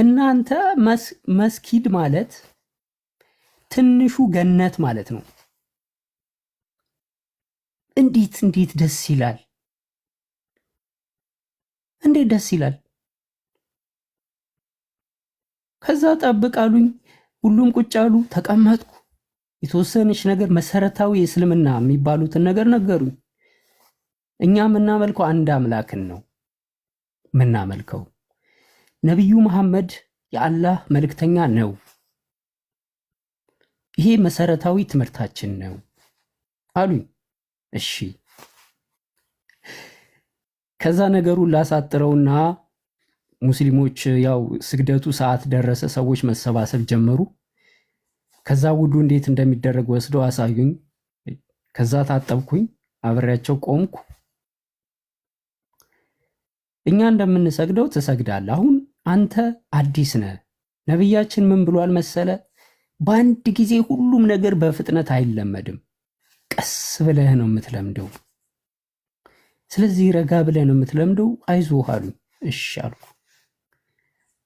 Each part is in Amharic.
እናንተ መስኪድ ማለት ትንሹ ገነት ማለት ነው። እንዴት እንዴት ደስ ይላል! እንዴት ደስ ይላል! ከዛ ጠብቅ አሉኝ። ሁሉም ቁጭ አሉ። ተቀመጥኩ። የተወሰነች ነገር መሰረታዊ የእስልምና የሚባሉትን ነገር ነገሩኝ። እኛ የምናመልከው አንድ አምላክን ነው የምናመልከው ነቢዩ መሐመድ የአላህ መልእክተኛ ነው። ይሄ መሰረታዊ ትምህርታችን ነው አሉኝ። እሺ። ከዛ ነገሩን ላሳጥረውና ሙስሊሞች ያው ስግደቱ ሰዓት ደረሰ፣ ሰዎች መሰባሰብ ጀመሩ። ከዛ ውዱ እንዴት እንደሚደረግ ወስደው አሳዩኝ። ከዛ ታጠብኩኝ፣ አብሬያቸው ቆምኩ። እኛ እንደምንሰግደው ትሰግዳለህ። አሁን አንተ አዲስ ነህ። ነቢያችን ምን ብሏል መሰለ? በአንድ ጊዜ ሁሉም ነገር በፍጥነት አይለመድም። ቀስ ብለህ ነው የምትለምደው። ስለዚህ ረጋ ብለህ ነው የምትለምደው። አይዞህ አሉኝ። እሺ አልኩ።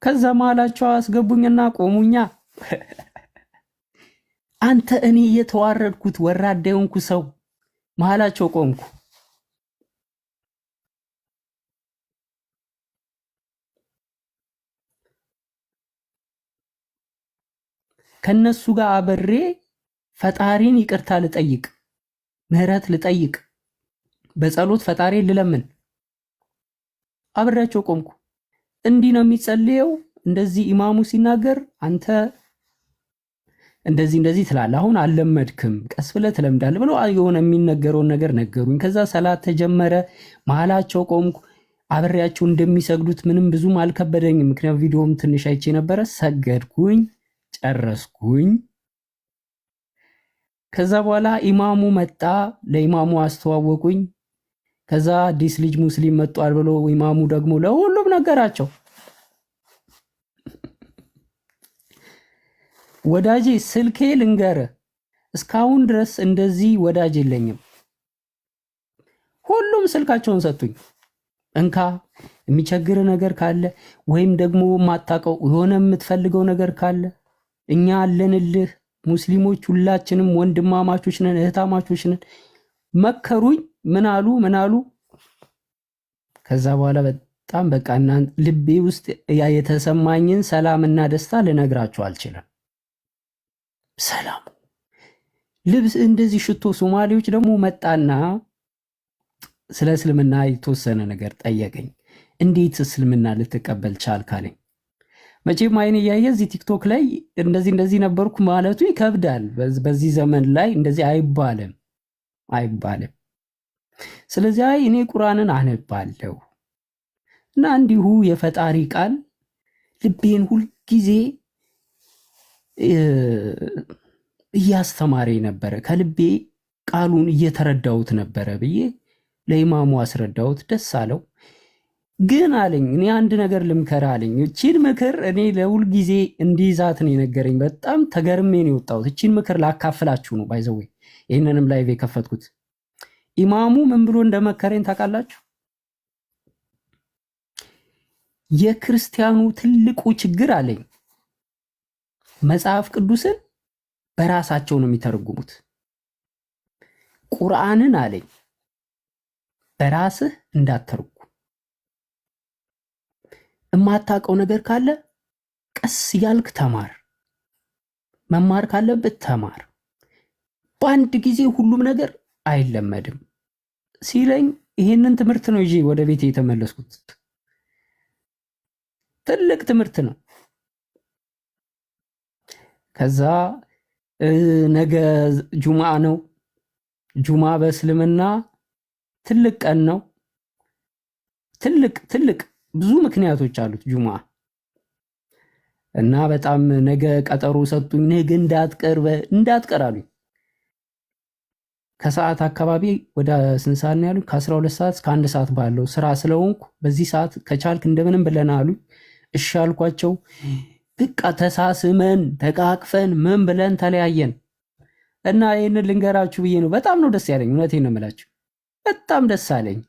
ከዛ መሃላቸው አስገቡኝና ቆሙኛ። አንተ እኔ እየተዋረድኩት ወራዳ የሆንኩ ሰው መሃላቸው ቆምኩ። ከነሱ ጋር አብሬ ፈጣሪን ይቅርታ ልጠይቅ፣ ምህረት ልጠይቅ፣ በጸሎት ፈጣሪን ልለምን አብሬያቸው ቆምኩ። እንዲህ ነው የሚጸልየው፣ እንደዚህ ኢማሙ ሲናገር አንተ እንደዚህ እንደዚህ ትላለህ፣ አሁን አልለመድክም፣ ቀስ ብለህ ትለምዳለህ ብሎ የሆነ የሚነገረውን ነገር ነገሩኝ። ከዛ ሰላት ተጀመረ፣ መሀላቸው ቆምኩ። አብሬያቸው እንደሚሰግዱት ምንም ብዙም አልከበደኝም፣ ምክንያቱም ቪዲዮም ትንሽ አይቼ ነበረ። ሰገድኩኝ። ጨረስኩኝ። ከዛ በኋላ ኢማሙ መጣ፣ ለኢማሙ አስተዋወቁኝ። ከዛ አዲስ ልጅ ሙስሊም መጧል ብሎ ኢማሙ ደግሞ ለሁሉም ነገራቸው። ወዳጄ ስልኬ ልንገር፣ እስካሁን ድረስ እንደዚህ ወዳጅ የለኝም። ሁሉም ስልካቸውን ሰጡኝ። እንካ የሚቸግር ነገር ካለ ወይም ደግሞ ማታቀው የሆነ የምትፈልገው ነገር ካለ እኛ አለንልህ ሙስሊሞች ሁላችንም ወንድማማቾች ነን፣ እህታማቾች ነን። መከሩኝ። ምናሉ ምናሉ? ከዛ በኋላ በጣም በቃ ልቤ ውስጥ ያ የተሰማኝን ሰላምና ደስታ ልነግራቸው አልችልም። ሰላም ልብስ እንደዚህ ሽቶ። ሶማሌዎች ደግሞ መጣና ስለ እስልምና የተወሰነ ነገር ጠየቀኝ። እንዴት እስልምና ልትቀበል ቻልክ አለኝ። መቼም አይን እያየ እዚህ ቲክቶክ ላይ እንደዚህ እንደዚህ ነበርኩ ማለቱ ይከብዳል። በዚህ ዘመን ላይ እንደዚህ አይባልም አይባልም። ስለዚህ አይ እኔ ቁርአንን አነባለሁ እና እንዲሁ የፈጣሪ ቃል ልቤን ሁልጊዜ እያስተማረ ነበረ፣ ከልቤ ቃሉን እየተረዳሁት ነበረ ብዬ ለኢማሙ አስረዳሁት። ደስ አለው። ግን አለኝ እኔ አንድ ነገር ልምከር አለኝ። እቺን ምክር እኔ ለሁል ጊዜ እንዲይዛት ነው የነገረኝ። በጣም ተገርሜ ነው የወጣሁት። እቺን ምክር ላካፍላችሁ ነው ባይዘወይ ይህንንም ላይቭ የከፈትኩት። ኢማሙ ምን ብሎ እንደመከረኝ ታውቃላችሁ? የክርስቲያኑ ትልቁ ችግር አለኝ መጽሐፍ ቅዱስን በራሳቸው ነው የሚተረጉሙት። ቁርአንን አለኝ በራስህ እንዳትተርጉም የማታውቀው ነገር ካለ ቀስ እያልክ ተማር። መማር ካለበት ተማር። በአንድ ጊዜ ሁሉም ነገር አይለመድም ሲለኝ ይህንን ትምህርት ነው ይዤ ወደ ቤት የተመለስኩት። ትልቅ ትምህርት ነው። ከዛ ነገ ጁማ ነው። ጁማ በእስልምና ትልቅ ቀን ነው። ትልቅ ትልቅ ብዙ ምክንያቶች አሉት ጁማ እና በጣም ነገ ቀጠሮ ሰጡኝ። ነገ እንዳትቀርበ እንዳትቀር አሉኝ። ከሰዓት አካባቢ ወደ ስንት ሰዓት ነው ያሉኝ? ከአስራ ሁለት ሰዓት እስከ አንድ ሰዓት ባለው ስራ ስለሆንኩ በዚህ ሰዓት ከቻልክ እንደምንም ብለና አሉኝ። እሺ አልኳቸው። በቃ ተሳስመን ተቃቅፈን ምን ብለን ተለያየን እና ይህንን ልንገራችሁ ብዬ ነው። በጣም ነው ደስ ያለኝ። እውነቴን ነው የምላችሁ። በጣም ደስ አለኝ።